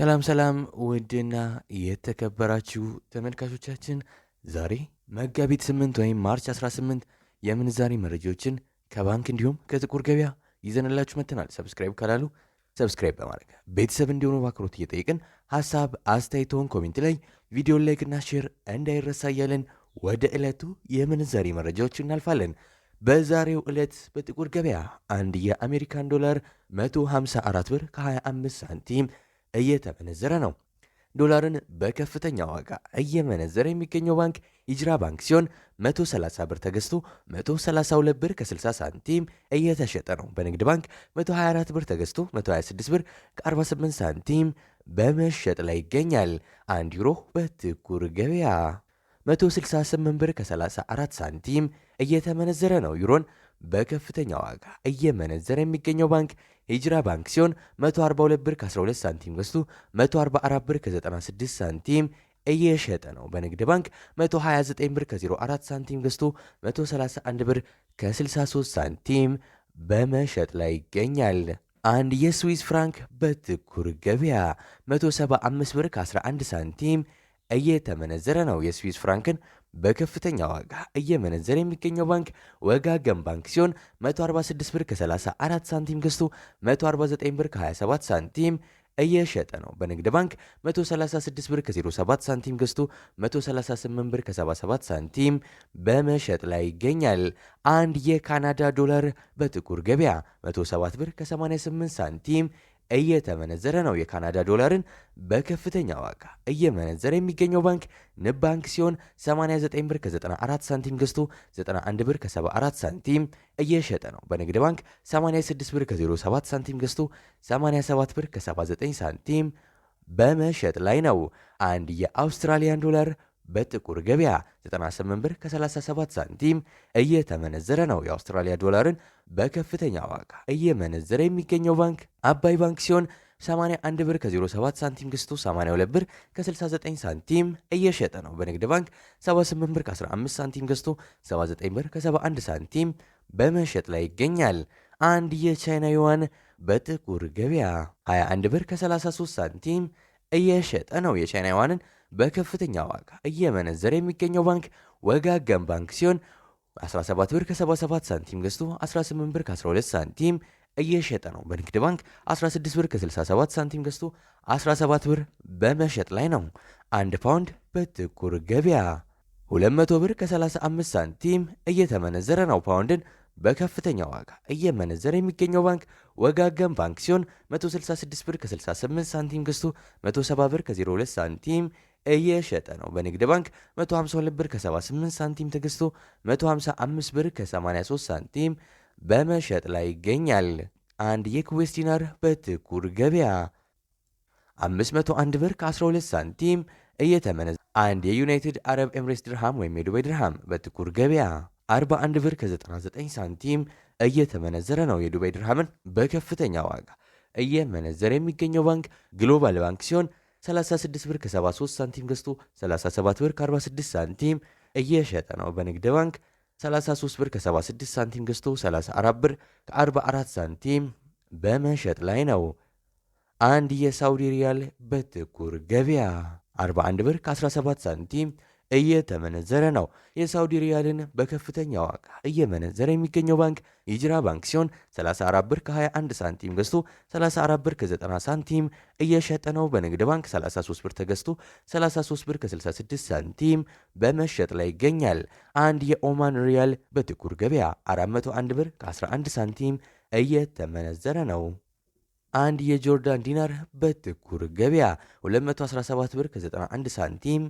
ሰላም ሰላም ውድና የተከበራችሁ ተመልካቾቻችን ዛሬ መጋቢት 8 ወይም ማርች 18 የምንዛሬ መረጃዎችን ከባንክ እንዲሁም ከጥቁር ገበያ ይዘንላችሁ መጥተናል። ሰብስክራይብ ካላሉ ሰብስክራይብ በማድረግ ቤተሰብ እንዲሆኑ በአክብሮት እየጠየቅን ሀሳብ አስተያየቶን ኮሜንት ላይ ቪዲዮ ላይክና ሼር እንዳይረሳ እያለን ወደ ዕለቱ የምንዛሬ መረጃዎች እናልፋለን። በዛሬው ዕለት በጥቁር ገበያ አንድ የአሜሪካን ዶላር 154 ብር ከ25 ሳንቲም እየተመነዘረ ነው። ዶላርን በከፍተኛ ዋጋ እየመነዘረ የሚገኘው ባንክ ሂጅራ ባንክ ሲሆን 130 ብር ተገዝቶ 132 ብር ከ60 ሳንቲም እየተሸጠ ነው። በንግድ ባንክ 124 ብር ተገዝቶ 126 ብር ከ48 ሳንቲም በመሸጥ ላይ ይገኛል። አንድ ዩሮ በጥቁር ገበያ 168 ብር ከ34 ሳንቲም እየተመነዘረ ነው። ዩሮን በከፍተኛ ዋጋ እየመነዘረ የሚገኘው ባንክ ሂጅራ ባንክ ሲሆን 142 ብር ከ12 ሳንቲም ገዝቶ 144 ብር ከ96 ሳንቲም እየሸጠ ነው። በንግድ ባንክ 129 ብር ከ04 ሳንቲም ገዝቶ 131 ብር ከ63 ሳንቲም በመሸጥ ላይ ይገኛል። አንድ የስዊስ ፍራንክ በጥቁር ገበያ 175 ብር ከ11 ሳንቲም እየተመነዘረ ነው። የስዊስ ፍራንክን በከፍተኛ ዋጋ እየመነዘረ የሚገኘው ባንክ ወጋገን ባንክ ሲሆን 146 ብር ከ34 ሳንቲም ገዝቶ 149 ብር ከ27 ሳንቲም እየሸጠ ነው። በንግድ ባንክ 136 ብር ከ07 ሳንቲም ገዝቶ 138 ብር ከ77 ሳንቲም በመሸጥ ላይ ይገኛል። አንድ የካናዳ ዶላር በጥቁር ገበያ 107 ብር ከ88 ሳንቲም እየተመነዘረ ነው። የካናዳ ዶላርን በከፍተኛ ዋጋ እየመነዘረ የሚገኘው ባንክ ንብ ባንክ ሲሆን 89 ብር ከ94 ሳንቲም ገዝቶ 91 ብር ከ74 ሳንቲም እየሸጠ ነው። በንግድ ባንክ 86 ብር ከ07 ሳንቲም ገዝቶ 87 ብር ከ79 ሳንቲም በመሸጥ ላይ ነው። አንድ የአውስትራሊያን ዶላር በጥቁር ገበያ 98 ብር ከ37 ሳንቲም እየተመነዘረ ነው። የአውስትራሊያ ዶላርን በከፍተኛ ዋጋ እየመነዘረ የሚገኘው ባንክ አባይ ባንክ ሲሆን 81 ብር ከ07 ሳንቲም ገዝቶ 82 ብር ከ69 ሳንቲም እየሸጠ ነው። በንግድ ባንክ 78 ብር ከ15 ሳንቲም ገዝቶ 79 ብር ከ71 ሳንቲም በመሸጥ ላይ ይገኛል። አንድ የቻይና ዩዋን በጥቁር ገበያ 21 ብር ከ33 ሳንቲም እየሸጠ ነው። የቻይና ዩዋንን በከፍተኛ ዋጋ እየመነዘረ የሚገኘው ባንክ ወጋገን ባንክ ሲሆን 17 ብር ከ77 ሳንቲም ገዝቶ 18 ብር ከ12 ሳንቲም እየሸጠ ነው። በንግድ ባንክ 16 ብር ከ67 ሳንቲም ገዝቶ 17 ብር በመሸጥ ላይ ነው። አንድ ፓውንድ በጥቁር ገበያ 200 ብር ከ35 ሳንቲም እየተመነዘረ ነው። ፓውንድን በከፍተኛ ዋጋ እየመነዘረ የሚገኘው ባንክ ወጋገን ባንክ ሲሆን 166 ብር ከ68 ሳንቲም ገዝቶ 170 ብር ከ02 ሳንቲም እየሸጠ ነው። በንግድ ባንክ 152 ብር ከ78 ሳንቲም ተገዝቶ 155 ብር ከ83 ሳንቲም በመሸጥ ላይ ይገኛል። አንድ የኩዌስ ዲናር በጥቁር ገበያ 501 ብር ከ12 ሳንቲም እየተመነዘ አንድ የዩናይትድ አረብ ኤምሬትስ ድርሃም ወይም የዱባይ ድርሃም በጥቁር ገበያ 41 ብር ከ99 ሳንቲም እየተመነዘረ ነው። የዱባይ ድርሃምን በከፍተኛ ዋጋ እየመነዘረ የሚገኘው ባንክ ግሎባል ባንክ ሲሆን 36 ብር ከ73 ሳንቲም ገዝቶ 37 ብር ከ46 ሳንቲም እየሸጠ ነው። በንግድ ባንክ 33 ብር ከ76 ሳንቲም ገዝቶ 34 ብር ከ44 ሳንቲም በመሸጥ ላይ ነው። አንድ የሳውዲ ሪያል በጥቁር ገበያ 41 ብር ከ17 ሳንቲም እየተመነዘረ ነው። የሳውዲ ሪያልን በከፍተኛ ዋጋ እየመነዘረ የሚገኘው ባንክ የሂጅራ ባንክ ሲሆን 34 ብር ከ21 ሳንቲም ገዝቶ 34 ብር ከ90 ሳንቲም እየሸጠ ነው። በንግድ ባንክ 33 ብር ተገዝቶ 33 ብር ከ66 ሳንቲም በመሸጥ ላይ ይገኛል። አንድ የኦማን ሪያል በጥቁር ገበያ 401 ብር ከ11 ሳንቲም እየተመነዘረ ነው። አንድ የጆርዳን ዲናር በጥቁር ገበያ 217 ብር ከ91 ሳንቲም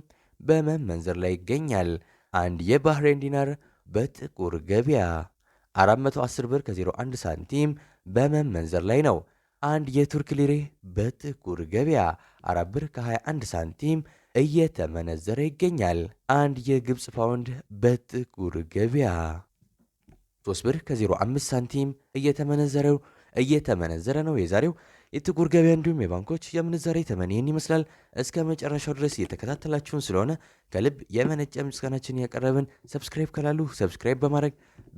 በመመንዘር ላይ ይገኛል። አንድ የባህሬን ዲናር በጥቁር ገበያ 410 ብር ከ01 ሳንቲም በመመንዘር ላይ ነው። አንድ የቱርክ ሊሬ በጥቁር ገበያ 4 ብር ከ21 ሳንቲም እየተመነዘረ ይገኛል። አንድ የግብፅ ፓውንድ በጥቁር ገበያ 3 ብር ከ05 ሳንቲም እየተመነዘረው እየተመነዘረ ነው። የዛሬው የጥቁር ገበያ እንዲሁም የባንኮች የምንዛሬ ተመን ይህን ይመስላል። እስከ መጨረሻው ድረስ እየተከታተላችሁን ስለሆነ ከልብ የመነጨ ምስጋናችን ያቀረብን። ሰብስክራይብ ካላሉ ሰብስክራይብ በማድረግ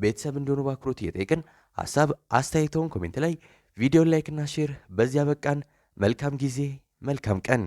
ቤተሰብ እንደሆኑ በአክብሮት እየጠየቅን ሀሳብ አስተያየተውን ኮሜንት ላይ ቪዲዮን ላይክና ሼር። በዚያ በቃን። መልካም ጊዜ፣ መልካም ቀን